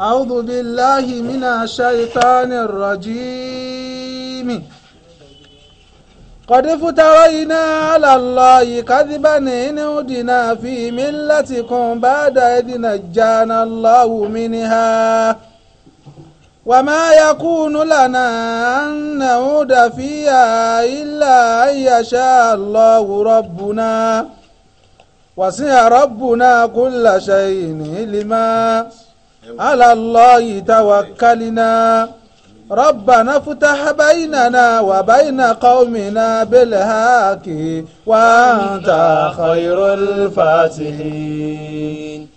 أعوذ بالله من الشيطان الرجيم قد افترينا على الله كذبا إن عدنا في ملتكم بعد إذ نجانا الله منها وما يكون لنا أن نعود فيها إلا أن يشاء الله ربنا وسع ربنا كل شيء لما. على الله توكلنا ربنا افتح بيننا وبين قومنا بالهاك وأنت خير الفاتحين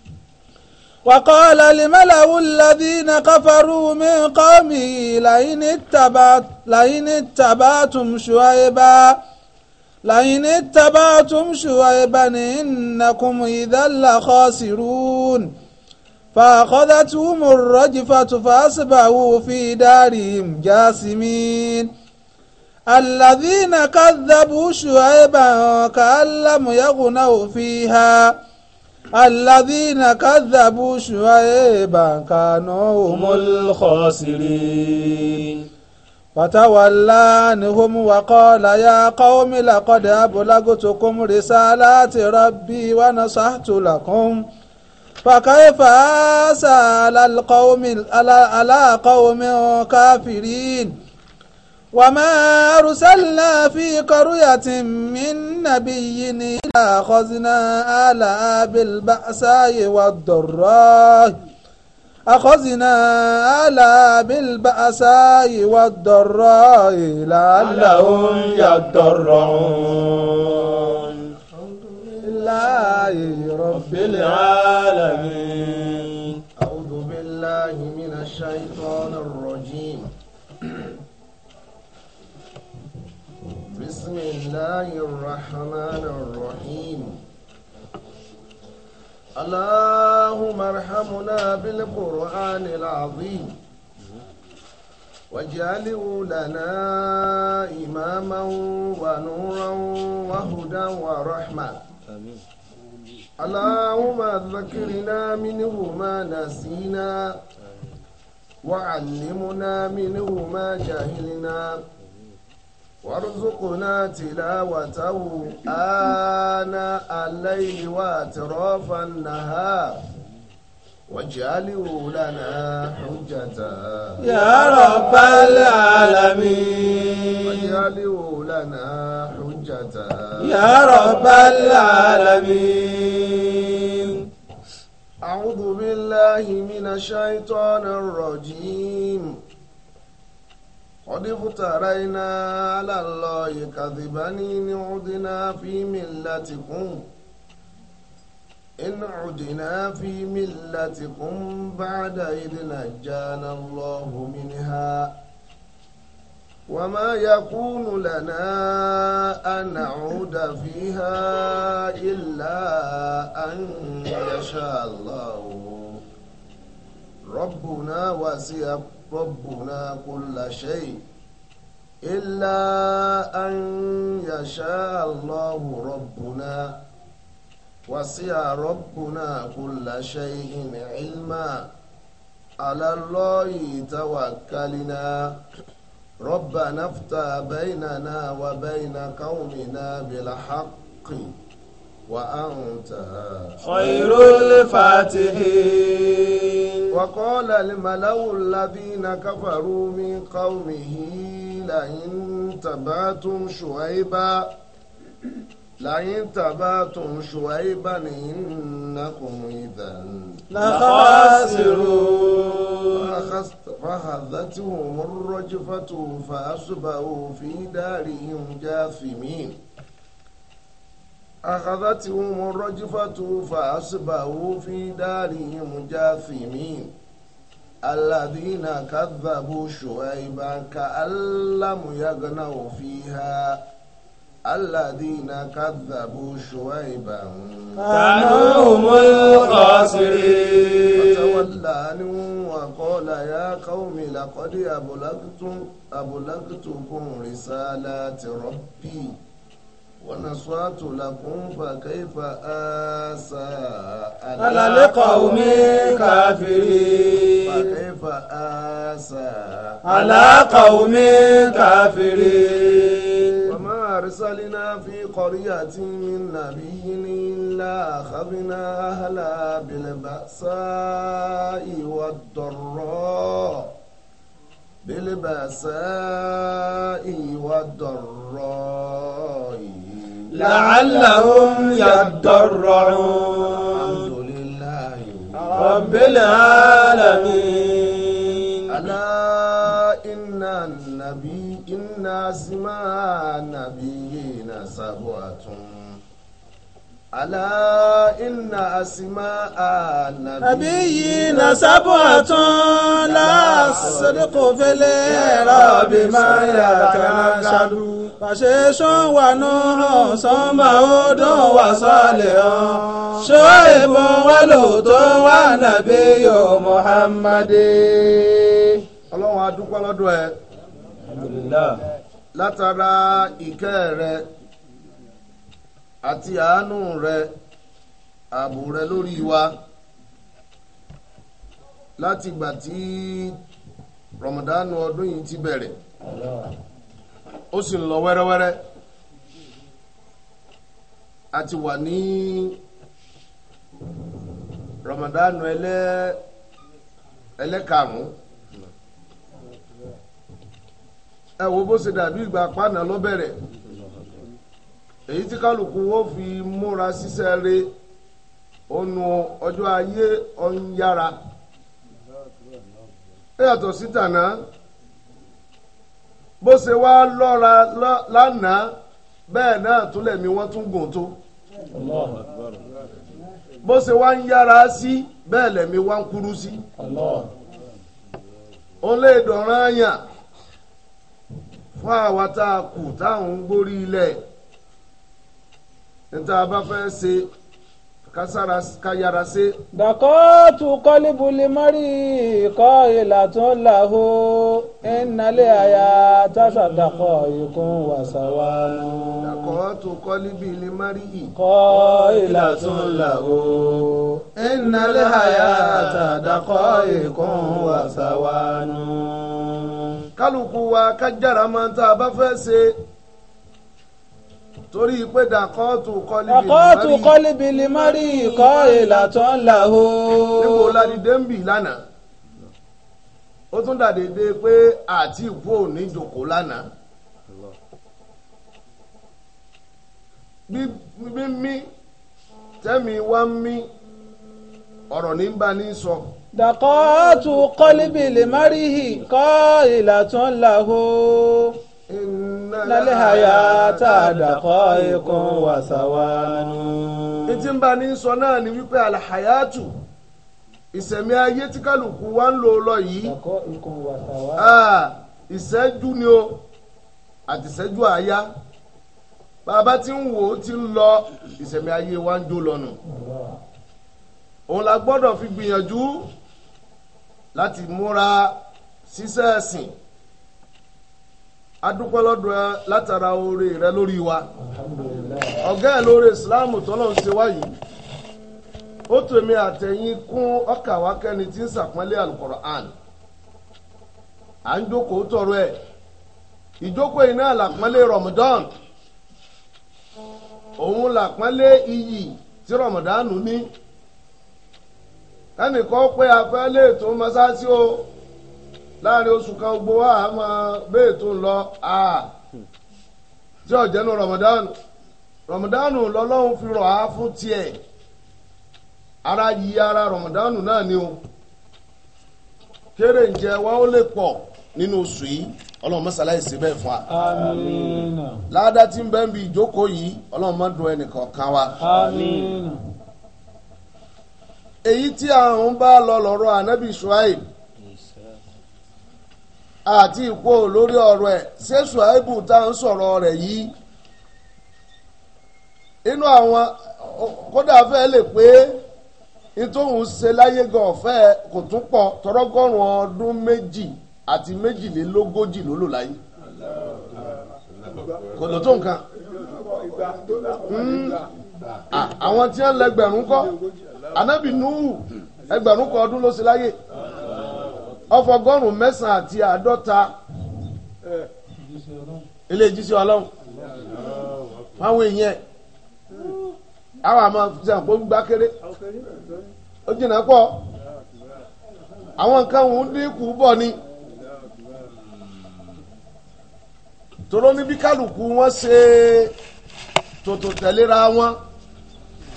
وقال الملأ الذين كفروا من قومه لئن اتبعت لئن اتبعتم شعيبا لئن اتبعتم شعيبا إنكم إذا لخاسرون فأخذتهم الرجفة فأصبحوا في دارهم جاسمين الذين كذبوا شعيبا كأن لم يغنوا فيها الذين كذبوا شعيبا كانوا هم الخاسرين فتولى عنهم وقال يا قوم لقد أبلغتكم رسالات ربي ونصحت لكم فكيف آسى على القوم على قوم كافرين وما أرسلنا في قرية من نبي إلا أخذنا آلها بالبأساء والضراء أخذنا آلها بالبأساء والضراء لعلهم يضرعون لله رب العالمين أعوذ بالله من الشيطان الرجيم بسم الله الرحمن الرحيم اللهم ارحمنا بالقرآن العظيم واجعله لنا إماما ونورا وهدى ورحمة اللهم ذكرنا منه ما نسينا وعلمنا منه ما جهلنا وارزقنا تلاوته آناء الليل وأطراف النهار واجعله لنا حجة يا رب العالمين واجعله لنا حجة يا رب العالمين أعوذ بالله من الشيطان الرجيم قد افترينا على الله كذبا إن عدنا في ملتكم إن عدنا في ملتكم بعد إذ نجانا الله منها وما يكون لنا أن نعود فيها إلا أن يشاء الله ربنا وسع ربنا كل شيء إلا أن يشاء الله ربنا وسع ربنا كل شيء علما على الله توكلنا رب افتح بيننا وبين قومنا بالحق وأنت خير الفاتحين وقال الملأ الذين كفروا من قومه لئن تبعتم شعيبا لئن تبعتم شعيبا إنكم إذا لخاسرون فأخذتهم الرجفة فأصبحوا في دارهم جاثمين أخذتهم الرجفة فأصبحوا في دارهم جاثمين الذين كذبوا شعيبا كأن لم يغنوا فيها الذين كذبوا شعيبا كانوا هم الخاسرين فتولى عنهم وقال يا قوم لقد أبلغتم أبلغتكم رسالات ربي ونصرت لكم فكيف آسى على لقوم كافرين فكيف آسى على قوم كافرين أرسلنا في قرية من نبي إلا أخذنا أهلها بالبأساء والضراء بالبأساء والضراء لعلهم يضرعون الحمد لله رب العالمين للناس مع نبينا سبوة ألا إن أسماء نبينا سبوة لا صدق في الإعراب ما يتناشد فشيش ونوح صمود وصالح شعيب ولوط ونبي محمد ọlọ́run adúpẹ́ lọ́dọ̀ ẹ. alhamdulillah. látara ìkẹ́ rẹ àti àánú rẹ ààbò rẹ lórí wa láti ìgbà tí rọmọdánù ọdún yìí ti bẹ̀rẹ̀ ó sì ń lọ wẹ́rẹ́wẹ́rẹ́ a ti wà ní rọmọdánù ẹlẹ́karùn-ún. ẹ wo bó ṣe dàbí ìgbà pàànà lọ́bẹ̀rẹ̀ èyí tí kálukú ó fi múra ṣiṣẹ́ re ònu ọjọ́ ayé ọ̀nyára ẹ yàtọ̀ sí tànà bó ṣe wá lọ́ra lánàá bẹ́ẹ̀ náà tún mi wọ́n tún gùn tó bó ṣe wá ń yára sí bẹ́ẹ̀ lẹ̀mí wá ń kúrú sí òun lè dọ̀ràn yàn. fún àwa tá a kù táwọn ń gbórí ilẹ̀ níta bá fẹ́ ṣe kására káyára ṣe. dàkọ́tù kọ́líbùlì mọ́rí ikọ́ ìlà tó ń là hó ìnálẹ̀ àyà tásà dàkọ́ ikún wàsáwá. dàkọ́tù kọ́líbùlì mọ́rí ikọ́ ìlà tó ń là hó ìnálẹ̀ àyà tásà dàkọ́ ikún wàsáwá. kálukú wa kájára máa ń bá fẹ́ ṣe torí pé dàkọ́ọ̀tù kọ́líbìlì mari dàkọ́ọ̀tù kọ́líbìlì mari kọ́ ìlà tó ń là o. níbo ládìdé ń bì lánàá ó tún dàdédé pé àti ìkú òní jòkó lánàá. bí mi tẹ́mi wá ń mí ọ̀rọ̀ ní bá ní sọ. So. dàkọ́tù kọ́líbì lè má rí hì kọ́ ìlà tó ń là hó. nálẹ́ àyà tá a dàkọ́ ikùn wàsàwánú. etí ń bá ní sọ náà ni wípé àlàyàtù ìsẹ̀mí ayé tí kálukú wa ń lò lọ yìí ìṣẹ́jú ni o àti àyá bàbá tí ń wò ó ti ń lọ ìsẹ̀mí ayé wa ń jó lọ́nà òun la gbọ́dọ̀ fi gbìyànjú. láti múra ṣiṣẹ́ ẹ̀sìn adúpẹ́ ẹ látara oore rẹ lórí wa ọ̀gá ẹ̀ lóore ìsìláàmù tọ́lọ́run ṣe wá yìí ó tèmi àtẹ̀yìn kún ọkà wa kẹ́ni tí ń ṣàpọ́nlé alukoran à ń jókòó tọrọ ẹ̀ ìjókòó iná làpọ́nlé Ramadan òun làpọ́nlé iyì tí Ramadan ní. ẹnìkan pé a fẹ́ léètò mọ́sáàsì o láàrin oṣù kan gbogbo wa a máa lọ tí ọ̀jẹ̀ nu Ramadan Ramadan lọ́lọ́run fi rọ̀ á fún tiẹ̀ ara yí ara Ramadan náà o kéré nje wa ó lè pọ̀ nínú oṣù yìí ọlọ́run mọ́sálá yìí bẹ́ẹ̀ fún wa. bẹ ìjókòó yìí ọlọ́run dùn wa. èyí tí à ń bá lọ lọ́rọ̀ ànábì Shuaib àti ìpò lórí ọ̀rọ̀ ẹ̀ ṣé Shuaib tá à ń sọ̀rọ̀ rẹ̀ yìí inú àwọn kódà fẹ́ lè pé nítòhún ṣe láyé gan ọ̀fẹ́ kò tún pọ̀ tọrọgọ́rùn ọdún méjì àti méjìlélógójì ló lò láyé kò lò tó nǹkan hmm. àwọn tí wọ́n lẹ́gbẹ̀rún kọ́ anabi nuhu ẹgbẹ̀rún kan ọdún ló ṣe láyé ọfọgọ́rùn mẹ́sàn-án àti àádọ́ta ilé ìjísí ọlọ́run fáwọn èèyàn àwọn àmọ́ sàn kó gbá kéré ó jìnnà pọ̀ àwọn nǹkan òun dínkù bọ̀ ni tòró wọn ṣe tòtò tẹ̀léra wọn.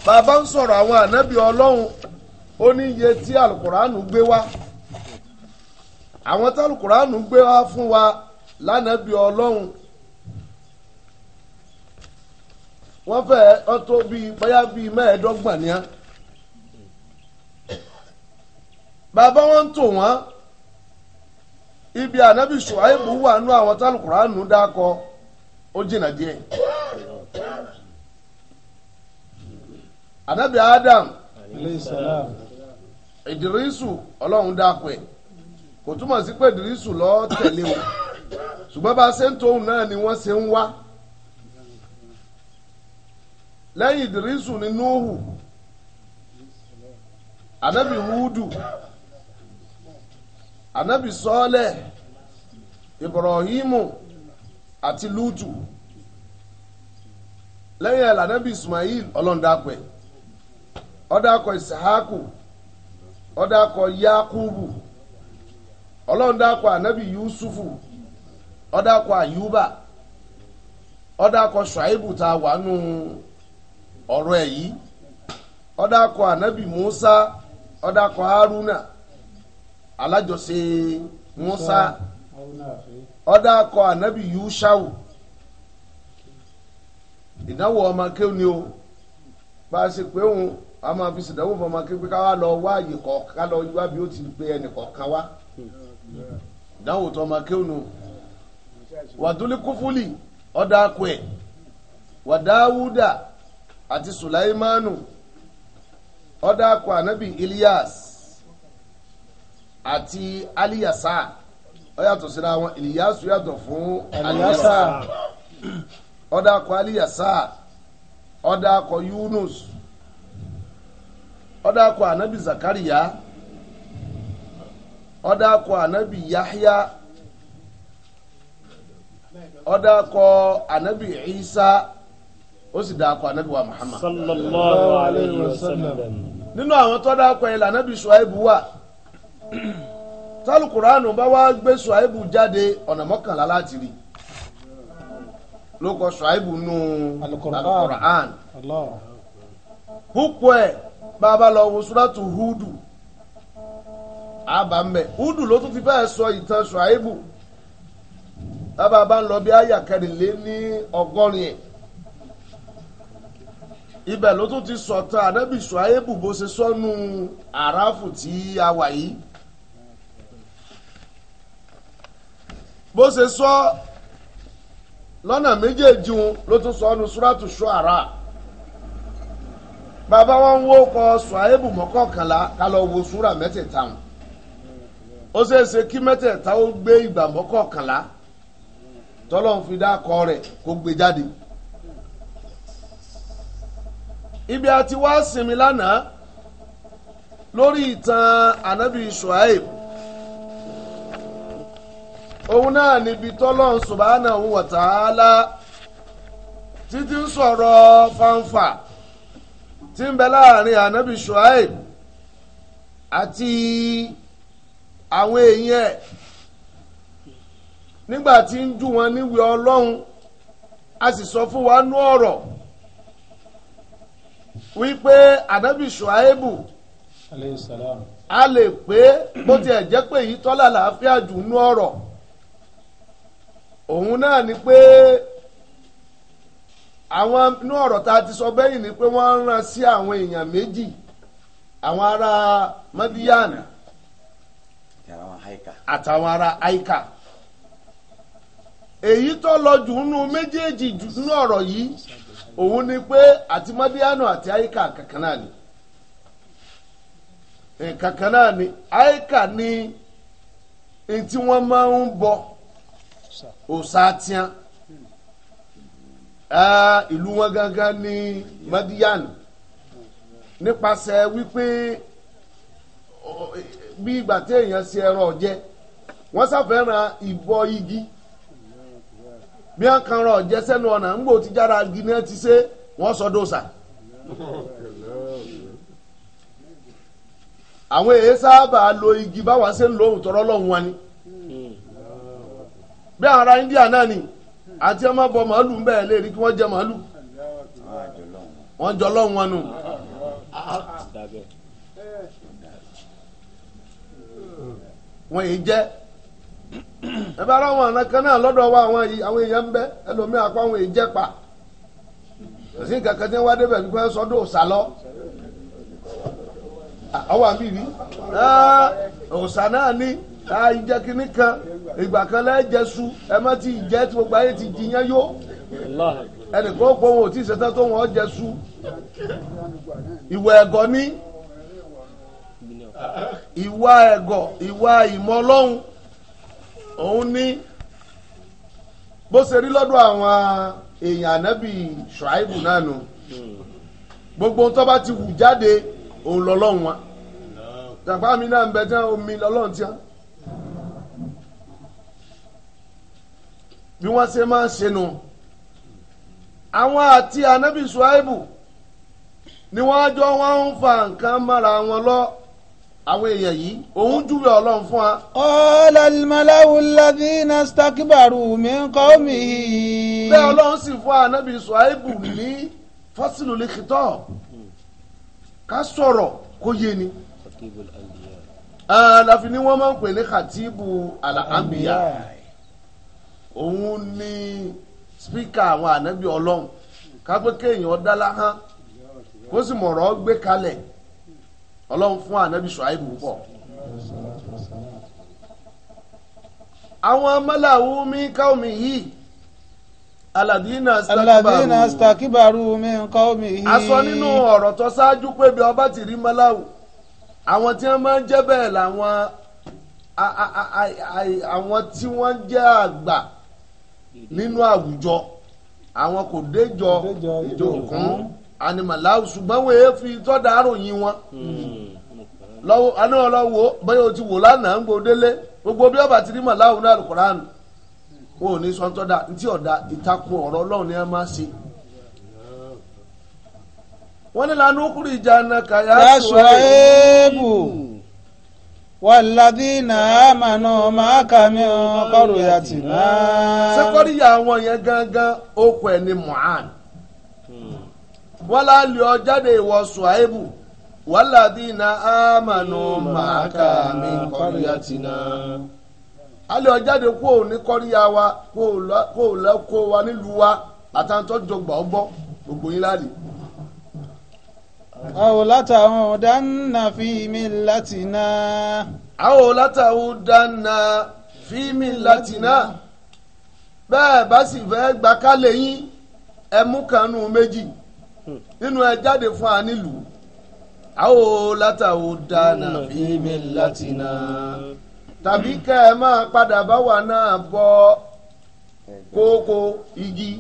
bàbá ń sọ̀rọ̀ àwọn ànábì ọlọ́run ó ní iye tí alukuraanu gbé wá àwọn tí alukuraanu gbé wá fún wa lánàbì ọlọ́run wọ́n fẹ́ ọtọ́ bíi bóyá bíi mẹ́ẹ̀ẹ́dọ́gbọ̀n ni á bàbá wọn ń tò wọ́n ibi ànábì Ṣuaibu wà nù àwọn tí alukuraanu dákọ ó jìnnà díẹ̀. anabi adam ìdírísù ọlọ́run dákọ̀ ẹ̀ kò túmọ̀ sí pé ìdírísù lọ tẹ̀lé o ṣùgbọ́n bá ṣe ń tóun náà ni wọ́n ṣe ń wá lẹ́yìn ìdírísù ni nuhu anabi hudu anabi sọọlẹ ibrahimu àti lutu lẹ́yìn ẹ̀ lànàbì ismail ọlọ́run dákọ̀ ẹ̀. ọdàkọ isahaku ọdàkọ yakubu ọlọ́run dàkọ anabi yusufu ọdàkọ ayuba ọ shuaibu tá a wà nù ọ̀rọ̀ ẹ̀ anabi musa ọdàkọ haruna alájọsẹ musa ọdàkọ anabi yushau ìdánwò ọmọ kéwòn ni o bá a ṣe pé òun. a máa fi ṣèdánwò fún ọmọ akéwì ká wá lọ wá àyè kọ̀ọ̀kan ká lọ wá bí ó ti gbé ẹnì kọ̀ọ̀kan wá ìdánwò tó ọmọ akéwì nù wàdúlí kúfúlì ọ̀dà akọ̀ẹ̀ wàdáwúdà àti sùláìmánù ọ̀dà akọ̀ ànábì Ilyas àti aliyasa ó yàtọ̀ síra wọn Ilyasu yàtọ̀ fún aliyasa ọ̀dà akọ̀ aliyasa ọ̀dà akọ̀ Yunus. ọdakọ anabi zakariya ọdakọ anabi yahya ọdakọ anabi isa ó sì dakọ anabi wa muhammad. sallallahu alayhi wa sallam. nínú àwọn tó dakọ yẹn lànàbí suwaibu wà tálùkùránù bá wá gbé suwaibu jáde ọ̀nà mọ́kànlá láti rí ló kọ suwaibu nù alukùránù púpọ̀ ẹ̀. bàbá lọ wo suratu hudu àbá mbẹ hudu ló tún ti fẹ́ sọ ìtàn ṣùáìbù bàbá bá ń lọ bí àyà kẹrìnlé ní ọgọ́rin ẹ̀ ibẹ̀ ló tún ti sọ̀tàn ànábì ṣùáìbù bó ṣe sọ́nu àràfù tí a wà yìí bó ṣe sọ lọ́nà méjèèjì ló tún sọ ọ́nu suratu ṣùárà. bàbá wọn ń wó kọ sùhàìbù mọ́kànlá ká lọ wo súrà mẹ́tẹ̀ẹ̀ta wọn ó ṣeéṣe kí mẹ́tẹ̀ẹ̀ta ó gbé ìgbà mọ́kànlá tọ́lọ̀ ń fi dákọ rẹ̀ kó gbé jáde ibi àti wá sinmi lánàá lórí ìtàn ànábì sùhàìbù òun náà níbi tọ́lọ́ subhanahu wa tààlà títí ń sọ̀rọ̀ fanfa. tí ń bẹ láàrin ànábì Shuaib àti àwọn èèyàn ẹ nígbà tí ń wọn níwèé ọlọ́run a sì sọ fún wa nú ọ̀rọ̀ wípé ànábì Shuaibu a lè pé bó tiẹ̀ jẹ́ pé èyí tọ́lá làáfíà jù nú ọ̀rọ̀ òun náà ni pé. Pe àwọn inú ọ̀rọ̀ tá a ti sọ bẹ́yìn ni pé wọ́n rán sí àwọn èèyàn méjì àwọn ará madiana àtàwọn ará aika èyí tó lọ jù nínú méjèèjì jù nínú ọ̀rọ̀ yìí òun ni pé àti madiana àti aika kankan náà ni eh, kankan náà ni aika ni ntí wọ́n máa ń bọ òsà tiẹ́ ìlú wọn gangan ní Madian nípasẹ̀ wípé bí ìgbà tí èèyàn ṣe ẹran ọ̀jẹ́ wọ́n sàfẹ́ràn ìbọ̀ igi bí wọ́n kan ran ọ̀jẹ sẹ́nu ọ̀nà ńgbò tí jára igi náà ti ṣe wọ́n sọ dòṣà. àwọn èèyàn sábà lo igi báwa ṣe ń lo lọ́hùn wa India náà àti ọmọ bọ màálù ń bẹ́ẹ̀ lè rí kí wọ́n jẹ màálù wọ́n jọ lọ́hùn wọn nù. wọ́n yìí jẹ́ ẹ ara wọn náà lọ́dọ̀ wa àwọn èèyàn ń bẹ ẹlòmíì apá àwọn èèyàn jẹ́ pa ẹ̀sìn sí tí wọ́n wá débẹ̀ àìjẹ kínní kan ìgbà kan lẹ́jẹ̀ su ẹ má ti jẹ́ tí gbogbo ayé ti jiyàn yó ẹnìkan kó wọn ò tí ì ṣetán tó wọn jẹ su ìwà ẹ̀gọ́ ní ìwà ẹ̀gọ́ ìwà ìmọ̀ ọlọ́run òun ní bó ṣe rí lọ́dọ̀ àwọn èèyàn ànábì ṣùáìbù náà nù gbogbo tó bá ti wù jáde òun lọ́lọ́run wa tàbá mi náà ń bẹ tán omi lọ́lọ́run tí bí wọ́n ṣe máa ń ṣe nu àwọn àti anabi suwaibu ni wọ́n jọ wọ́n ń fa nǹkan mọ́ra wọn lọ àwọn èèyàn yìí òun júwe ọlọ́run fún wa. ọ̀ọ́lá ìmọ̀láwù ladhina stakibaru min qawmihi. bẹ́ẹ̀ ọlọ́run sì fún anabi suwaibu ní fọ́sílù lẹ́kìtọ́ ká sọ̀rọ̀ kó yé ni. láfi ah, ni wọ́n máa ń pè ní khatibu al òun ni spíkà àwọn ànábì ọlọ́run kápẹ́ kéèyàn dálá hán kó sì mọ̀rọ̀ gbé kalẹ̀ ọlọ́run fún ànábì ṣùáìbù púpọ̀. àwọn mọ́làwú mi káwọ́mi yìí aladina stakibaru mi káwọ́mi yìí. a sọ nínú ọ̀rọ̀ tó ṣáájú pé bí ọba ti rí mọ́làwú àwọn tí wọ́n máa ń jẹ́ bẹ́ẹ̀ làwọn àwọn tí wọ́n jẹ́ àgbà. nínú àwùjọ àwọn kò déjọ ìjòkún animalawu ṣùgbọ́n wọ́n èé fi tọ́da àròyìn wọn lọ́wọ́ anáwọ̀lọ́wọ́ bẹ́ẹ̀ o ti wò lánàá ń gbòdélé gbogbo bí ọba ti rí màláwù náà Al-Qur'an wọn ò ní sọ tọ́da ntí ọ̀dà ìtakùn ọ̀rọ̀ ọlọ́run ni a máa ṣe wọ́n ní lanúkúrú ìjà náà kàyà sùn ẹ̀ẹ́bù. والذين آمنوا معك من قريتنا. ṣé kọ́ríyà àwọn yẹn gángan okùn ẹ̀ ní muhan wọ́n lá lè ọ jáde ìwọ suhaibu wàlàdínà àmànù màákà mi kọ́ríyà tìǹà. ma ọ jáde kó o ní wa kó o lọ wa nílùú wa gbogbo yín أو لتعودن في ملتنا أو لتعودن في ملتنا bẹ́ẹ̀ bá sì fẹ́ gba kálẹ̀ yín ẹ mú kanú méjì nínú ẹ jáde fún wa nílùú àwò látàwò dáná fi millatina tàbí kẹ́ ẹ máa padà bá wa náà bọ kókó igi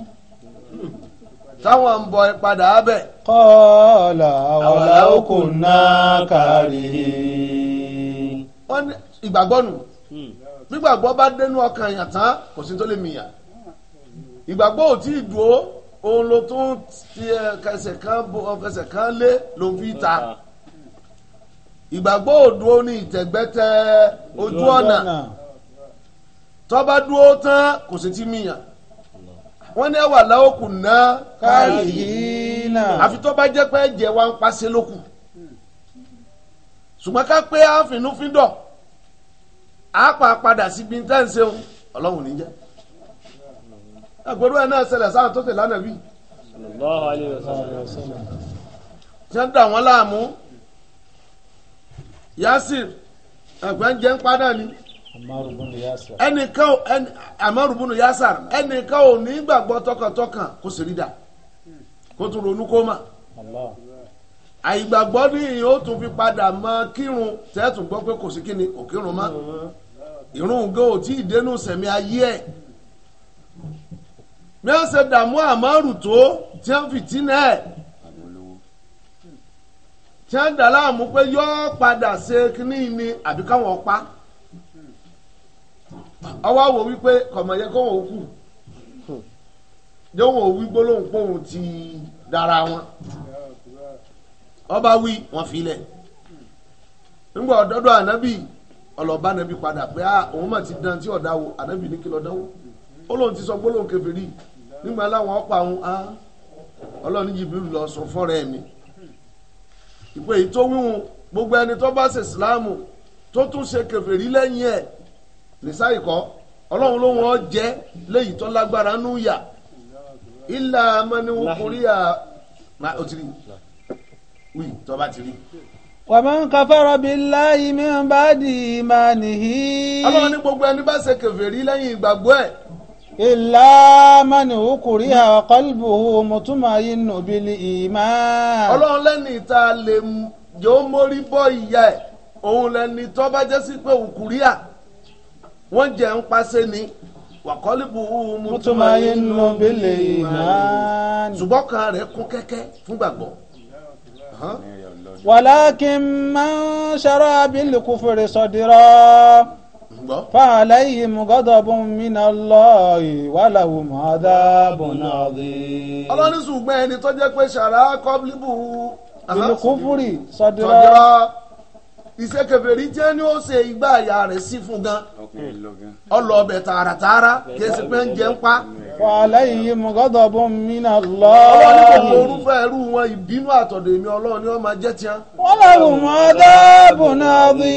táwọn ń bọ padà bẹ̀. kọ́ọ̀là àwàlà òkú náà kárí. wọ́n ní ìgbàgbọ́ nù gbígbàgbọ́ hmm. bá dénú ọkàn èèyàn tán kò sí tó lè mìyàn ìgbàgbọ́ ò tí ì dúró òun ló tún ti ẹsẹ̀ kan bo ẹsẹ̀ kan lé ló fi ta ìgbàgbọ́ ò dúró ní ìtẹ̀gbẹ́tẹ̀ ojú ọ̀nà tó bá dúró tán kò sí tí mìyàn wọ́n ní ẹwà làwọn kù ná káàlìhínà àfi tó bá jẹ́ pé ẹ̀jẹ̀ wa ń paṣẹ lókù ṣùgbọ́n ká pé àfinúfíndọ̀ á pa padà síbi tá à ń ṣeun ọlọ́run ní jẹ́ àgbẹ̀rù ẹ̀ náà ṣẹlẹ̀ sáà tó tẹ̀ lánàá bí. ṣé ń dà wọ́n láàmú Yasir ẹ̀gbọ́n jẹ́ ń padà ni ẹnìkan Amaru bunu Yasar ẹnìkan ò ní gbàgbọ́ tọkàntọkàn kó sì rí dà kó tún ronú kó mà àìgbàgbọ́ ní ìyẹn ó tún fi padà mọ kírun tẹ́tùn gbọ́ pé kò sí kíni kò kírun mọ́ ìrun gan ò tí ì dénú sẹ̀mí ayé ẹ̀ bí wọ́n ṣe dààmú Amaru tó tí wọ́n fi tí náà tí wọ́n dà láàmú pé yọ́ padà ṣe kíní ni àbí káwọn pa ọwọ́ àwọ̀ wípé kọ̀mọ̀yẹ kó wọn kù yóò wọn wí gbólóhùn póhùn ti dára wọn ọba wí wọn filẹ̀ nígbà ọdọdọ ànábì ọlọba ànábì padà pé ah, òun mà ti dán tí ọ̀dà wo ànábì ní kí lọ́ọ́ dánwó ó lóun ti sọ gbólóhùn kèfèrí nígbà láwọn ọ̀pá àwọn á ah, ọlọ́ọ̀ni jìbìrì lọ sọ fọ́ra ẹ̀mí ìpè yìí tó wíwun gbogbo ẹni tó bá ṣe ìsìláàmù tó tún ṣe kèfèrí lẹ́yìn ẹ̀ nìsáyì ikọ ọlọ́run ló wọn jẹ léyìí tó lágbára nù yà ilà ti rí wí tó bá ti rí. wàmán kafara billahi min ba'di imanihi. ọlọ́run ní gbogbo ẹni bá ṣe mani hukuri ha qalbuhu mutmainnu lè mórí ìyá òun wọ́n jẹ́ ń pàṣẹ ni wàkọ́líbù mutumayi nù bẹ́lẹ̀ ìmáàní. ṣùgbọ́n kan rẹ̀ kún kẹ́kẹ́ fún gbàgbọ́. wàlákin man ṣara bílí kúfèrè sọdírọ́ fàlàyé mùgọ́dọ̀bùn minallahi wàláwù mọ́dàbùn náà dé. ọlọ́ni ṣùgbọ́n ẹni tó pé ṣara kọ́bílíbù. bílí kúfèrè sọdírọ́ ìṣekèfèrè jẹ́ ní ó ṣe igbá àyà rẹ̀ sí fún gan ọlọ́ọ̀bẹ tààràtààrà kèsì pé ń jẹ́ ń pa. wàhálà yìí mo gbọ́dọ̀ bọ́ mi náà lọ. ọlọ́run ní gbogbo orúfẹ́ irú wọn ìbínú àtọ̀dọ̀ èmi ọlọ́run ni wọ́n máa jẹ́ tiẹ́. wọ́n lọ́rùn mọ́ dáàbò náà bí.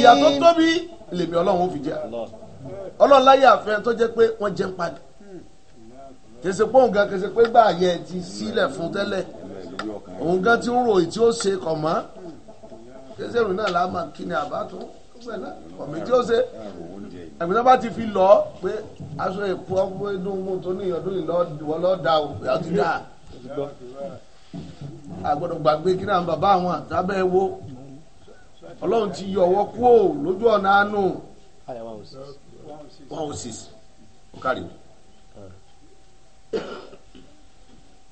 ìyà tó tóbi lèmi ọlọ́run ó fi jẹ ọlọ́run láyé àfẹ́ tó jẹ́ pé wọ́n jẹ́ ń padà kèsì pé òun gan kèsì pé gbà kẹsẹ̀rù náà la máa kí ni àbá tún ọ̀mí tí ó ṣe ẹ̀gbọ́n bá ti fi lọ pé aṣọ èkó ọgbọ́n inú mú tó ní ọdún ìwọ lọ́ọ́ da o ìyá ti dà àgbọ̀dọ̀ gbàgbé kí náà bàbá àwọn àtàbẹ̀ wo ọlọ́run ti yọ ọwọ́ kúò lójú ọ̀nà àánú one oh six ọ̀kàrí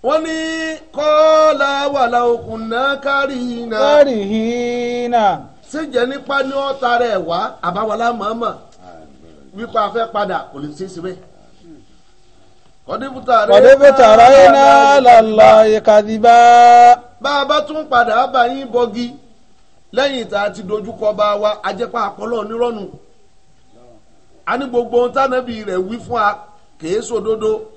wọ́n ní kọ́lá wàlà òkun náà kárì hìnà. kárì hìnà. síjẹ́ nípa ní ọ̀tá rẹ̀ wá àbáwọlá màmá wípé a fẹ́ padà kò lè ṣe é síbẹ̀. kọ́débùtà rẹ̀ iná lọ́lọ́ ìkàdìbá. bá a bá tún padà bá yín bọ́gi lẹ́yìn tá a ti dojúkọ bá wa ajẹ́pá àpọ́lọ́ onírọ́nù. a ní gbogbo ohun tánàbí rẹ̀ wí fún wa kèé sódodo. So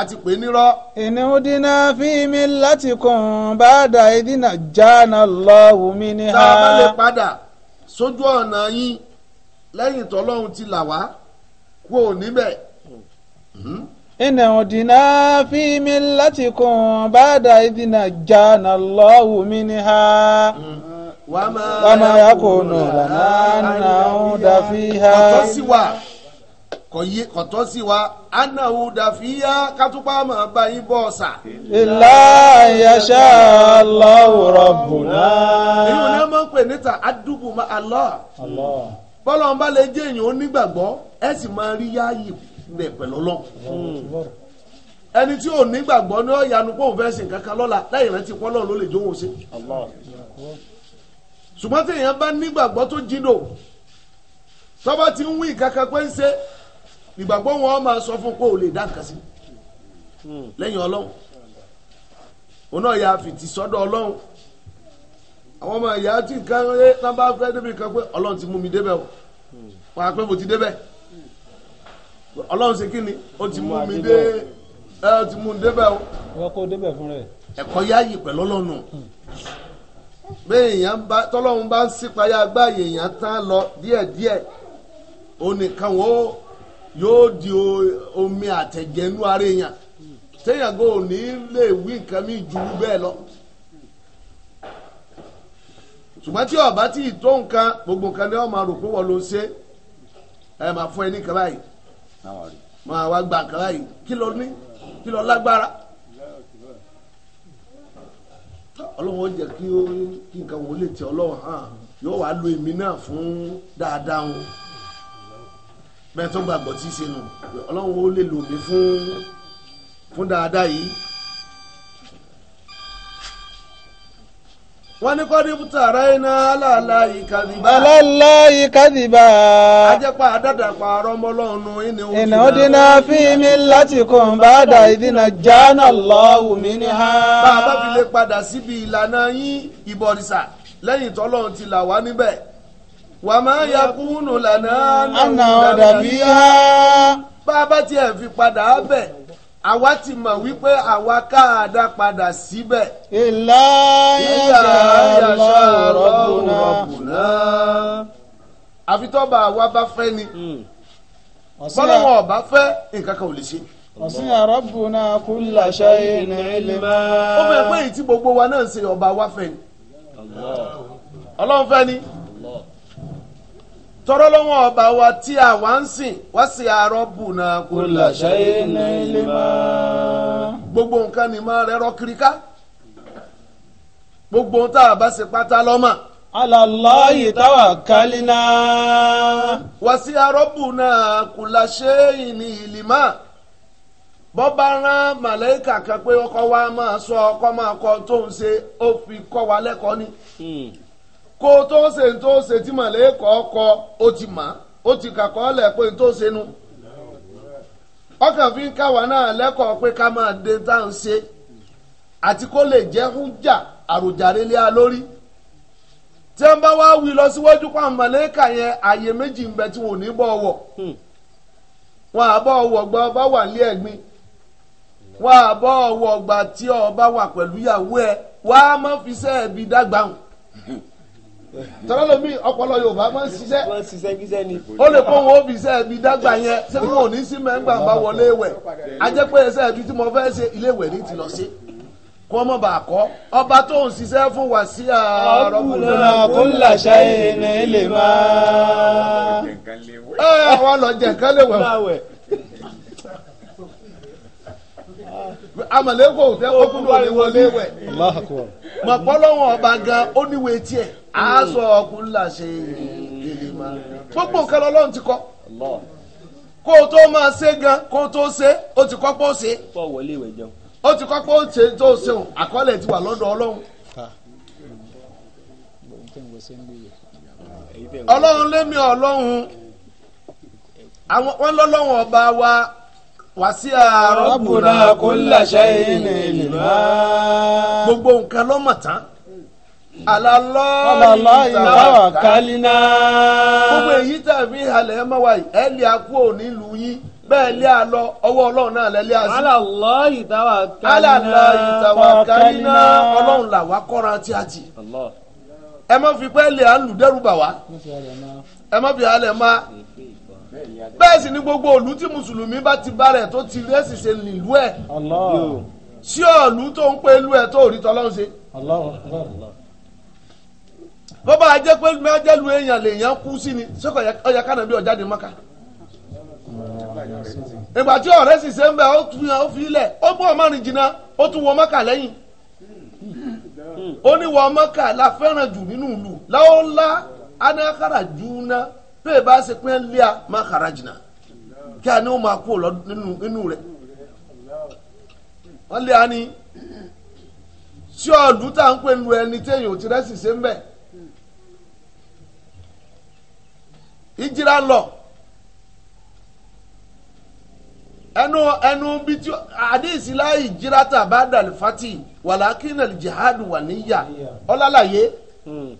a ti pè é nírọ́. ìnúdínà fíìmì láti kùn bá dà ìdínà jáàna lọ́wọ́ mi ní ha. tá a bá lè padà sójú ọ̀nà yín lẹ́yìn tọ́lọ́hún ti là wá kú ò níbẹ̀. ìnúdínà fíìmì láti kùn bá ìdínà jáàna lọ́wọ́ mi ní ha. wàmà yakùnù lànà náà dàfíà. ọ̀tọ̀ sí wa kọ̀yí kọ̀tọ́ sí wa anáwó dàfíyá kátúpá máa bá yín bọ́ ọ̀sà. ìlà yàṣà Allahu náà máa ń pè níta adúgbò ma Allah. bọ́lá ọba lè jẹ́ èèyàn onígbàgbọ́ ẹ sì máa rí yáàyè rẹ̀ pẹ̀lú ọlọ́run. ẹni tí ò nígbàgbọ́ ní ọ̀yanu kó o fẹ́ sìn kankan lọ́la láì rántí pọ́lọ́ ló lè jóhùn sí. ṣùgbọ́n tí èèyàn bá nígbàgbọ́ tó jí tọ́ba ti ń wí kankan pé ń ṣe ìgbàgbọ́ wọn máa sọ fún kó o lè dá nǹkan sí hmm. lẹ́yìn ọlọ́run òun náà yà fìtì sọ́dọ̀ ọlọ́run àwọn ọmọ ìyá tí nǹkan ẹ nàbà fẹ́ débi kan pé ọlọ́run ti mú mi débẹ̀ o hmm. wọn àpẹ́ mo ti débẹ̀ ọlọ́run ṣe kí ni ó ti mú mi dé ẹ ti mú mi débẹ̀ o. wọ́n kó débẹ̀ fún rẹ̀. ẹ̀kọ́ yáàyè pẹ̀lú ọlọ́run bẹ́ẹ̀ tọ́lọ́run bá ń sípayá gbá èèyàn tán lọ díẹ̀díẹ̀ òun nìkan wọ́n yóò di omi àtẹ̀jẹ̀nú ara èèyàn téèyàn kò ní lè wí nǹkan mi jù bẹ́ẹ̀ lọ. ṣùgbọ́n tí ọba tí ì tó nǹkan gbogbo nǹkan ni wọ́n máa rò pé wọ́n ló ń ṣe ẹ máa fún ẹ ní kàrá yìí máa wá gba kàrá yìí kí ló ní kí ló lágbára. ọlọ́run ó jẹ́ kí nǹkan wò lè tẹ ọlọ́run hàn yóò wá lo èmi náà fún dáadáa wọn. bẹ́ẹ̀ tó gbàgbọ́ tí ṣe nù ó lè lò fún fún dáadáa yìí. wọ́n ní kọ́ ní bùtàrà iná aláàláyé kàdìbà. aláàláyé kàdìbà. ajẹ́pà àdàdàpà rọmọlọ́ọ̀nù ìní òfin náà. láti bá dà ìdínà jáánà lọ́wọ́ mi ní bá a bá fi lè padà síbi ìlànà yín ìbọ̀rìṣà lẹ́yìn tọ́lọ́run ti là wá wàmọ́ yakunu lànà àná dàbí yá. bá a bá tiẹ̀ fi padà á bẹ̀ àwa ti mọ̀ wípé àwa káàdá padà síbẹ̀. ìlà ìyá ọlọ́run rọ̀bùnà. àfitọ́ba àwa bá fẹ́ ni hmm. bọ́lọ́wọ́ ọba fẹ́ nǹkan kan ò lè ṣe. ọ̀sìn rabbuna kulla shay'in ilma. ó fẹ́ pé èyí tí gbogbo wa náà ń ṣe ọba wa fẹ́ ni. ọlọ́run fẹ́ ni. tọrọ lọ́wọ́ ọba wa tí a wá ń sìn wá sí àárọ̀ bù náà kò là ṣayé ní ilé máa. gbogbo nǹkan ni máa rẹrọ kiri gbogbo ohun tá a bá ṣe pátá lọ́mọ. alàlọ́yì táwa kálí náà. wá sí àárọ̀ bù náà kò là ṣayé ilé máa. bọ́ bá rán màlẹ́kà kan pé ọkọ wa máa sọ ọkọ máa kọ tó ń ṣe ó fi kọ́ wa lẹ́kọ̀ọ́ ni. Hmm. kó tó ṣe tó ṣe tí kọ́ ọkọ ó ti mà ó ti kàkọ́ ọ̀lẹ̀ pé tó ṣe nu ọkàn fi ń káwa náà lẹ́kọ̀ọ́ pé ká máa dé tá à ń ṣe àti kó lè jẹ́ hújà àròjàre lé a lórí tí wọ́n bá wá wí lọ síwájú pa màlẹ́kà yẹn àyè méjì ń bẹ tí wọn ò ní bọ̀ wọ̀ wọn àbọ̀ ọwọ́ gbọ́ hmm. ọba wà ní ẹ̀gbin wọn àbọ̀ ọwọ́ gbà tí ọba wà pẹ̀lú ìyàwó ẹ̀ wọ́n á má fi sẹ́ẹ̀bi dágbà tọ́lá lomi ọpọlọ yorùbá máa ń ṣiṣẹ́ ó lè kó wọn ó iṣẹ́ ibi dágbà yẹn ṣé wọn ò ní sí mẹ́ngbà bá wọlé ìwẹ̀ ajẹ́ pé iṣẹ́ ibi tí mo fẹ́ ṣe ilé ìwẹ̀ ní ti lọ sí kó ọmọ bàa kọ́ ọba tó ń ṣiṣẹ́ fún wa sí àárọ̀ kùnú. ọkùnrin làṣà yìí ni ilé máa. ẹ àwọn lọ jẹ kán lè wẹ̀ amaleko tẹ ọkùnrin òní wọlé wẹ mọ̀pọ́lọ́wọ́ ọba gan oníwe tiẹ̀ á sọ ọkùnrin là ṣe èlé ma gbogbo nǹkan lọ́lọ́run ti kọ́ kó o tó máa ṣe gan kó o tó ṣe o ti kọ́ pé o ṣe o ti kọ́ pé o ṣe tó ṣe o àkọọ́lẹ̀ ti wà lọ́dọ̀ ọlọ́run. ọlọ́run lémi ọlọ́run àwọn wọn lọ́lọ́run ọba wa wàsíà rabbuna kulla shay'in ilma. gbogbo nǹkan lọ́mọ̀ tán alalọ́ ìtawà kálínà. gbogbo èyí tàbí ìhàlẹ̀ ẹ̀ máa wà yìí ẹ̀ lè àkú òní lu yín bẹ́ẹ̀ lé àlọ́ ọwọ́ ọlọ́run náà lẹ́lẹ́ àṣì. alalọ́ ìtawà kálínà. alalọ́ ìtawà kálínà ọlọ́run làwa kọ́ra tí a jì. ẹ má fi pẹ́ lè à ń lù dẹ́rù bà wá ẹ má fi àlẹ̀ máa bẹ́ẹ̀ sì ni gbogbo òlú tí mùsùlùmí bá ti bá rẹ̀ tó ti rí ẹ̀sìn ṣe nílùú ẹ̀ sí òlú tó ń pè lú ẹ̀ tó rí tọ́lọ́run ṣe. bó bá jẹ́ pé májẹ́lu èèyàn lèèyàn kú sí ni ṣé kò yẹ kánà bí ọ̀jáde mọ́ká. ìgbà tí ọ̀rẹ́ sì ṣe ń bẹ̀ ó tún yàn ó fi ilẹ̀ ó bọ́ ọmọ rìn jìnnà ó tún wọ mọ́kà lẹ́yìn. ó ní wọ mọ́kà la fẹ́ràn jù nínú ìlú láwọn ńlá anákàrà jù náà. pé ìbá se pé ń lé a má kàrà jìnnà kí a ní o máa kú lọ nínú rẹ̀ wọ́n lé a ní tí ọ̀dún tá à ń pè lu ẹni téèyàn ò ti rẹ́sì ṣe ń bẹ̀ ìjìrá lọ ẹnu ẹnu bí tí àdéhìsí láì ìjìrá tà bá dàlẹ́ fati wàlákìnà jihad wà níyà ọlálàyé hmm.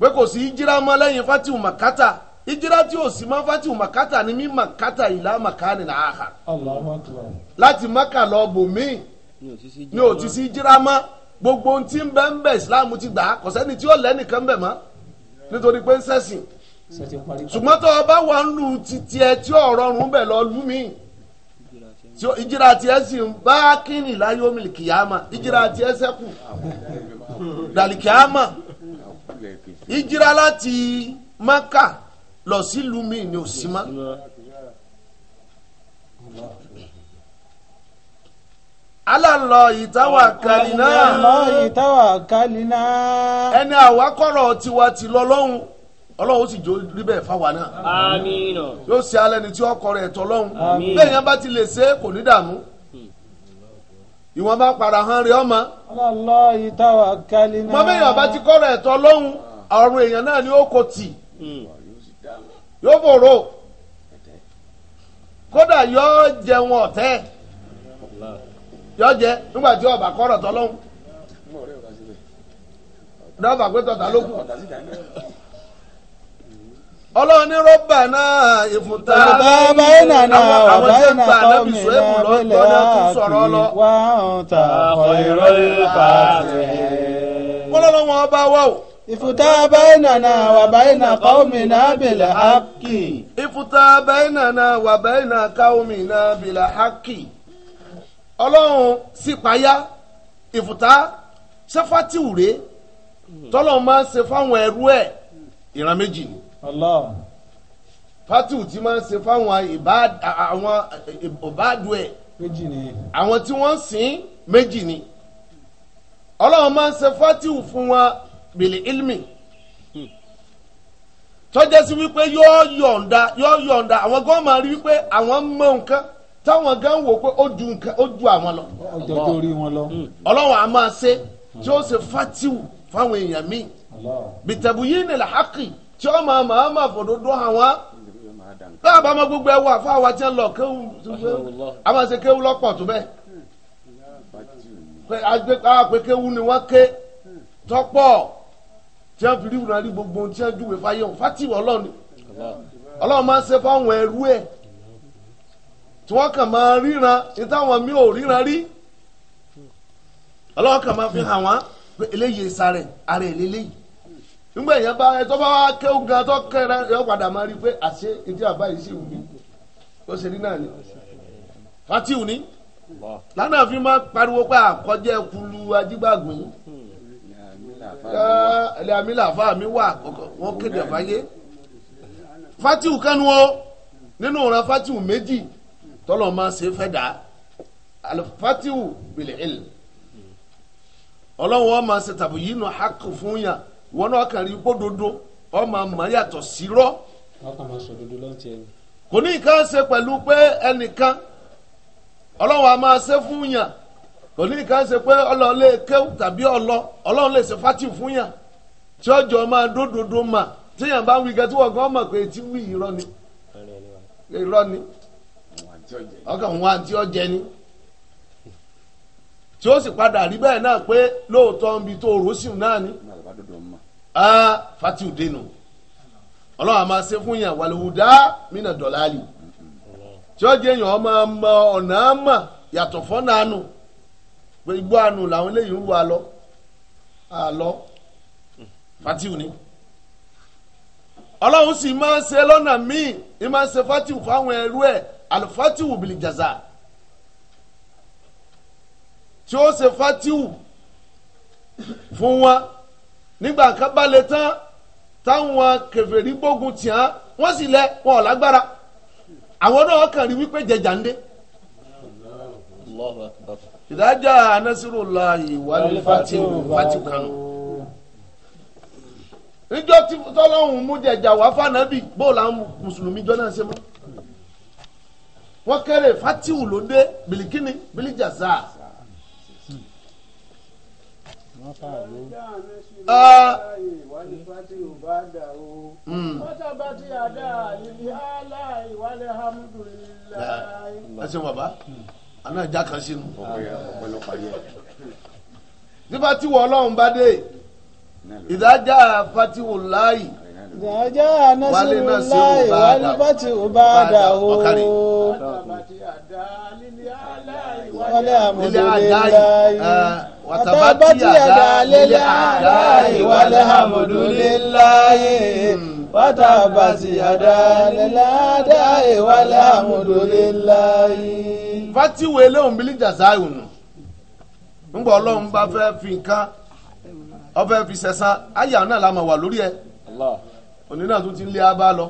pé kò sí ìjìrá mọ́ lẹ́yìn fati umakata. ìjírá ti ò sí ni ila màkátà ìlà màkánì nà maka lọ bò mí ni o ti si ìjírá gbogbo ti n ń n ń bẹ̀ ti gbà kò sẹ́ni tí ó lẹ́nìkan bẹ̀ mọ́ nítorí pé ń ṣùgbọ́n tó o bá wà ń lu titi ẹ tí ò rọrùn bẹ̀ lọ lú mi ìjírá tí ẹ sì ń bá kíni láyé omi kìyàmà ìjírá tí ẹ sẹ́kù dàlí kìyàmà maka. lọ sílùú mi ni ò sí mọ́. alálọ ìtawà kàlínà. alálọ ìtawà kàlínà. ẹni àwákọ̀rọ̀ tiwa ti lọ lọ́hùn ọlọ́run ó sì jó rí bẹ́ẹ̀ fáwa náà. yóò ṣe alẹ́ ni tí ọkọ rẹ tọ́ lọ́hùn. àmín. bẹ́ẹ̀ yẹn bá ti lè ṣe kò ní dààmú hmm. ìwọ̀n bá para hàn rí ọmọ. Allahi tawakkalna. mọ bẹ́ẹ̀ yẹn bá ti kọ́ rẹ̀ tọ́ lọ́hùn ọ̀run èèyàn náà ni ó kò tì. Hmm. yóò fòrò kódà yóò jẹun ọ̀tẹ́ yóò jẹ nígbà tí ọba kọ́rọ̀ tọ́lọ́hún dọ́ọ̀bà pé tọ̀tà ló kù ọlọ́run ní rọ́bà náà ìfúntà báyìí àwọn tí ó gbà nábì sùwébù lọ́dọ̀ tún sọ̀rọ̀ lọ. wọ́n ta ọ̀rọ̀ ìrọ̀lẹ́ pàṣẹ. wọ́n wọn bá wà o ìfúta bainana wa baina qaumina bil haqqi. ìfúta bainana wa baina qaumina bil haqqi. ọlọ́run sì payá ìfúta sẹ́fàtìwúrẹ́ tọ́lọ́ máa ń ṣe fáwọn ẹrú ẹ̀ ìran méjì ni. Allah fatiwu ti máa ń ṣe fáwọn ìbáàdù ẹ̀ àwọn tí wọ́n sìn méjì ni ọlọ́run máa ń ṣe fatiwu fún wọn. bili ilmi tọ́jà sí wípé yóò yọ̀ǹda yóò yọ̀ǹda àwọn gan máa rí wípé àwọn mọ nǹkan táwọn gan wò pé ó ju nǹkan ó ju àwọn lọ. ọjọ́ tó rí wọn lọ. Hmm. ọlọ́wọ́n a máa ṣe tí ó ṣe fatiwu fáwọn èèyàn míì bìtẹ̀bù yìí nílẹ̀ hákì tí ó máa máa máa àwọn a bá gbogbo ẹ wà fún àwa tí ń lọ a máa ṣe kéwù lọ́pọ̀ tó bẹ́ẹ̀ tí wọ́n fi rí ìwúrọ̀ gbogbo ohun tí wọ́n júwèé fáyé ọ̀hún fátìwọ̀ ọlọ́ọ̀ni ọlọ́run máa ń ṣe fáwọn ẹrú ẹ̀ tí wọ́n kàn máa ríran ní táwọn mi ò ríran rí ọlọ́run kàn máa fi hàn wọn pé eléyìí sáré ara ẹ̀ lélẹ́yìí nígbà yẹn bá ẹ tó bá wá ké ẹlẹ́ ah, àmì làfà mi wà wọ́n kéde àfáyé fatihu kanu o nínú ọ̀ràn fatihu méjì tọ́lọ̀ máa ṣe fẹ́ dà alifatihu bìlẹ̀ ẹ̀lì ọlọ́wọ́ máa ṣe tàbí yìí nù hakù fún yàn wọn náà kàn rí gbódodo ọmọ àmọ́ yàtọ̀ sí rọ́ kò ní ìkan ṣe pẹ̀lú pé ẹnìkan ọlọ́wọ́ a máa ṣe fún yàn wòlíì kan ṣe pé ọlọ́run lè kéwù tàbí ọlọ ọlọ́run lè ṣe fátì fún yàn tí ọjọ́ máa dódòdó mà bá ń wí gẹ́tí wọ́n gan pé tí wí ni ni ni tí ó sì padà rí bẹ́ẹ̀ náà pé lóòótọ́ ń bi tó náà ni òde nù ọlọ́run máa ṣe fún yàn mínà pé igbó àánú làwọn eléyìí ń wà lọ àlọ fatiu ni ọlọ́run sì máa ń ṣe lọ́nà míì ń máa ń ṣe fatiu fáwọn ẹrú ẹ̀ alifatiu bìlì jàzà tí ó ṣe fatiu fún wọn nígbà kan bá lè tán táwọn kèfèrí gbógun tì wọ́n sì lẹ wọn ò lágbára àwọn náà kàn rí wípé jẹjà ń dé ìdájà anásíròláyè wálé fatihu kanu níjọ́ tí tọ́lọ́hún mú jẹjà wá fànàbì bóòlù àwọn mùsùlùmí jọ náà ṣe mọ́ wọ́n kẹ́rẹ́ fatihu ló dé bilikini bilijaza. ẹ ṣeun bàbá àná ìjà kan sínú. nígbà tí wọ́n ọlọ́run bá dé ìdájà fatiwo láàyè ìdájà nasiru láàyè wálé o. wálé àmọ̀dé láàyè wàtàbátì àdá lélẹ̀ Wata àdániláàdá ìwálé àmúdòléláyé. fatiwo eléhùn bílí jàzá bá fẹ́ fi nǹkan ọfẹ fi sẹsan àyà náà la máa wà lórí ẹ òní náà tún ti lé abá lọ.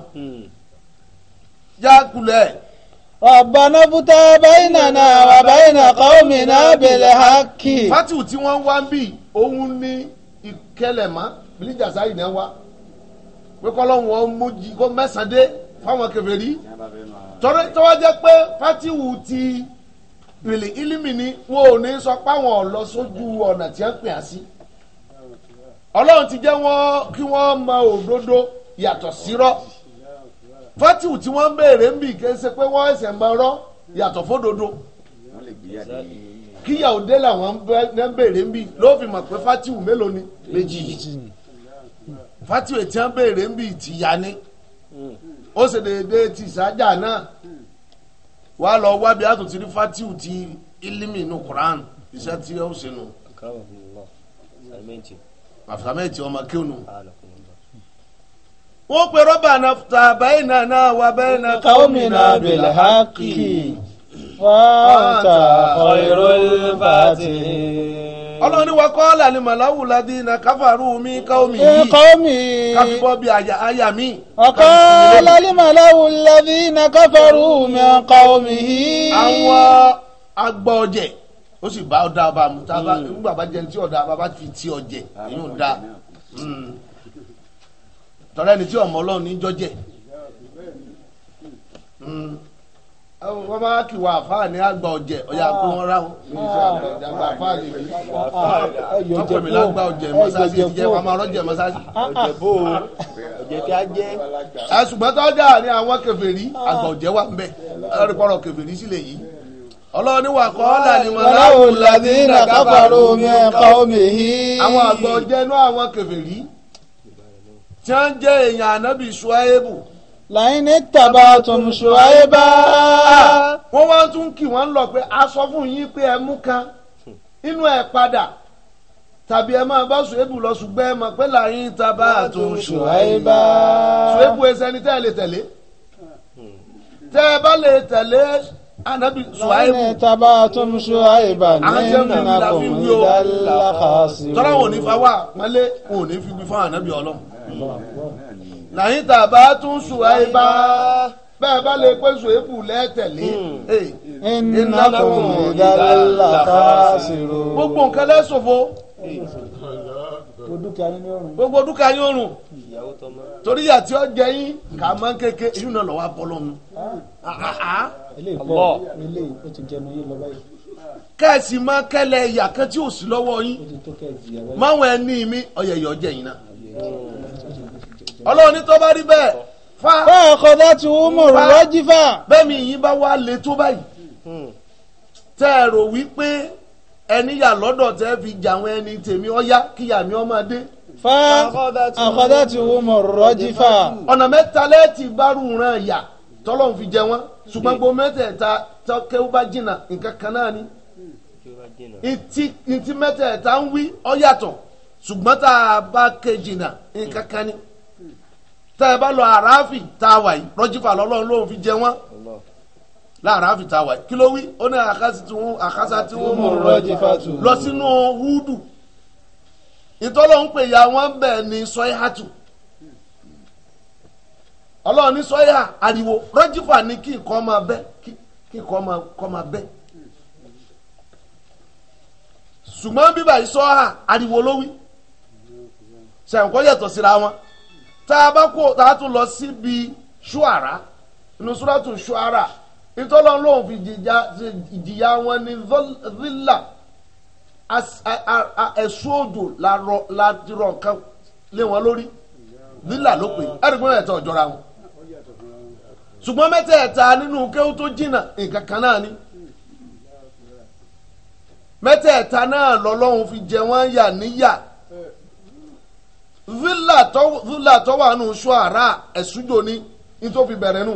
jákulẹ̀. Hmm. ọ̀bọ̀nà fúta báyìnà náà wà báyìnà kọ́ọ̀mì náà bèlè Fati fatiwo tí wọn wá ń bì ní ìkẹlẹ̀ pé kọ́lọ́hún wọn mójú kó mẹ́sàn-án dé fáwọn kèfèrí tọ́rọ tọ́wọ́ jẹ́ pé fátíwù ti rìlì ílímì ni wọn ò ní sọ páwọn ọ̀ lọ sójú ọ̀nà tí wọ́n pè á sí ọlọ́run ti jẹ́ wọn kí wọ́n mọ òdodo yàtọ̀ sírọ́ fátíwù tí wọ́n ń béèrè ń bì kí ẹ ṣe pé wọ́n ẹsẹ̀ mọ ọrọ́ yàtọ̀ fódodo kíyàwó dé làwọn ń béèrè ń bì ló fi mọ̀ fati etí wọn béèrè ń bí ìtìyà ni ó sì ti ìsájà náà wà lọ wá a ti ti ilimi inú Quran iṣẹ́ tí ó wọ́n pe rọ́bà nafta báyìí náà náà wà báyìí náà káwọ́mì náà fọ́ọ̀tà ọ̀rọ̀ ọlọ́run ní wakọ́ làní màláwù ládì nà káfàrú mi káwọ́mì yìí káwọ́mì káfíbọ́ bí àyà mi. ọkọ́ làní màláwù ládì nà káfàrú mi káwọ́mì yìí. àwọn agbọ́ ọjẹ́ ó sì bá ọ̀dà ọba mu tá a bá hmm. nígbà bá jẹun tí ọ̀dà ọba bá fi ti ọjẹ́ yóò da hmm. tọ́lá ni ti ọmọ ọlọ́run ní jọ́jẹ́. Hmm. wọ́n bá kí wà fáà ní àgbà ọ̀jẹ̀ ọ̀yà kó wọ́n ọ̀jẹ̀ mọ́sáàsì ìjẹ́ wọn máa rọ́jẹ̀ mọ́sáàsì. ọ̀jẹ̀ bó o ọ̀jẹ̀ kí jẹ́. láìní tàbá tòun ṣùáìbá. wọ́n wá tún kì wọ́n lọ pé a sọ fún yín pé ẹ mú kan inú ẹ padà tàbí ẹ máa bá ṣùgbẹ́bù lọ ṣùgbẹ́ ẹ mọ̀ pé láyín tàbá tòun ṣùáìbá. ṣùgbẹ́bù ẹsẹ̀ ni tẹ́ ẹ lè tẹ̀lé tẹ́ ẹ bá lè tẹ̀lé anabi suwaibu. láyé taba tún suwaiba ní nàkùn ìdálá kàásì. tọ́lá wọn ò ní fa wá pálé wọn ò fi gbí fún anabi ọlọ́run. làyín tàbá tún ṣùwáìbá bẹ́ẹ̀ bá lè pé ṣùwébù lẹ́tẹ̀lé iná kòmù ìdálẹ́lá káàsìrò. gbogbo nǹkan lẹ́sọ̀fọ́ gbogbo dúkìá yín òrùn torí àti ọjà yín kà á máa ń kéke náà lọ́wọ́ ah. ah, ah, kẹ́ẹ̀sì máa kẹ́lẹ̀ kan tí ò sí lọ́wọ́ yín máwọn ẹni mi ọlọ́run ní tó bá rí bẹ́ẹ̀ fa fáàkọ́dá tí ó mọ̀ rọ́jífà. bẹ́ẹ̀ni yìí bá wá lè tó báyìí hmm. tẹ́ ẹ rò wípé ẹni yà lọ́dọ̀ tẹ́ fi jà àwọn ẹni tèmi ọ̀yá kí yàmi ọmọdé. fa àkọ́dá tí ó mọ̀ rọ́jífà. ọ̀nà mẹ́ta lẹ́ẹ̀tì bárù ràn yà tọ́lọ́run fi jẹ wọ́n ṣùgbọ́n gbogbo mẹ́tẹ̀ẹ̀ta tọ́kẹ́ ó bá jìnnà nǹkan kan náà ni ntí mẹ́tẹ̀ẹ̀ta ń wí ọ̀yàtọ̀ ṣùgbọ́n tá a bá kejì náà nǹkan kan ni. Mm. tá lọ àràáfì tá a wà yìí rọ́jìfà lọ́lọ́run fi jẹ wọ́n láàràáfì tá a wà yìí kí ló wí ó ya wọ́n sọ́yàtù ọlọ́run ní sọ́yà ariwo rọ́jìfà kí nǹkan máa bẹ́ kí nǹkan máa bẹ́ ṣùgbọ́n bíbá ariwo ló wí síra tá a bá kó tá a tún lọ síbi ṣuara inú suratu ṣuara ìtọ́lọ́ lóun fi ìjìyà wọn ní zilla ẹ̀sùn òjò la ti rọ nǹkan lé wọn lórí zilla ló pè é ẹ̀rùgbọ́n ẹ̀tọ́ ọ̀jọ́ra wọn ṣùgbọ́n mẹ́tẹ̀ẹ̀ta nínú kéwú tó jìnnà nǹkan kan náà ni mẹ́tẹ̀ẹ̀ta náà lọ́lọ́run fi jẹ wọ́n yà níyà fílà tó wà nù ara ẹ̀sùjò ni nítorí bere nù.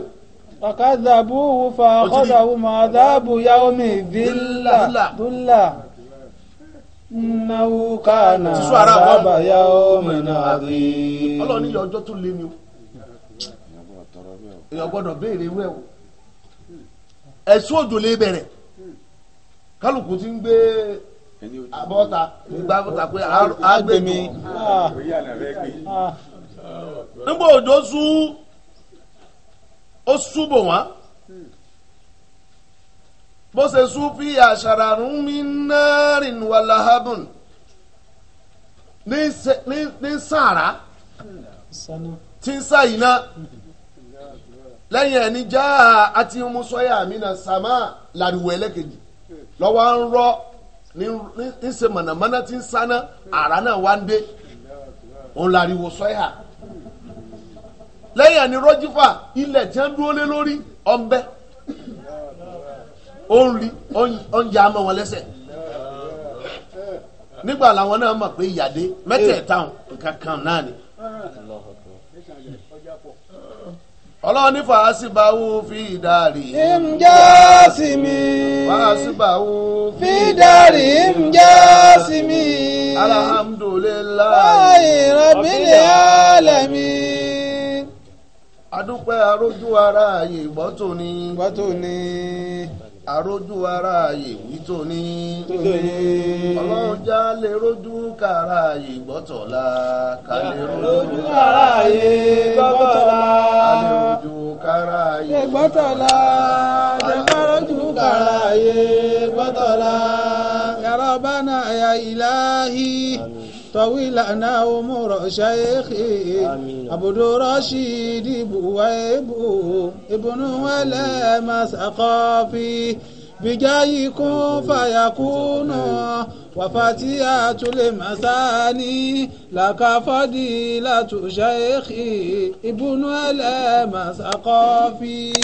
ọ̀kadà búhu fa ọ̀kadà yaomi fílà nnáwó kánà sábà yaomi nàdí. ọlọ́run ilé ọjọ́ tó lé ni o èèyàn gbọ́dọ̀ béèrè ewé o ẹ̀sùn òjò lè bẹ̀rẹ̀ kálukú ti ń gbé. abọ́ta gbàgbọ́ta pé àgbẹ̀ mi. nígbà òjò sú ó sú bò wọ́n bó ṣe sú fi àṣàràrùn mi náírìn wà láhábùn ní sàrà tí ń sá yìí náà lẹ́yìn ẹni já àti musọ́yà mi náà sàmà làrúwẹ̀ lẹ́kejì lọ́wọ́ ń rọ́ ń ṣe mọ̀nàmọ́ná tí ń sáná àrà náà wá ń dé òun lariwo sọ́yà lẹ́yìn àní rọ́jífà ilẹ̀ tí wọ́n dúró lé lórí ọ̀nbẹ́ òun rí oúnjẹ amọ̀ wọn lẹ́sẹ̀ nígbà làwọn náà mọ̀ pé ìyàdé mẹ́tẹ̀ẹ̀ta eh. nǹkan kan náà ni ọlọ́run ní fàásìbáwú fi ìdárì. ǹjẹ́ sí mi. fàásìbáwú fi ìdárì ǹjẹ́ sí mi. alhamdulilayi rabbil alamin. adúpẹ́ arójú ara yìí gbọ́tò ni. gbọ́tò ni àrójú ara ààyè wí tóní. ọlọ́run já lè rójú kàrà ààyè gbọ́tọ̀lá ká lè rójú kàrà ààyè gbọ́tọ̀lá ká lè rójú kàrà ààyè gbọ́tọ̀lá ká lè rójú kàrà ààyè gbọ́tọ̀lá. yàrá bá náà ya ìlàhí. àmín. طوي لنا أمور شيخي عبد رشيد بويب ابن ولا مسقافي بجايكم فيكون وفاتية المساني لك فضيلة شيخي ابن الأمس أقافي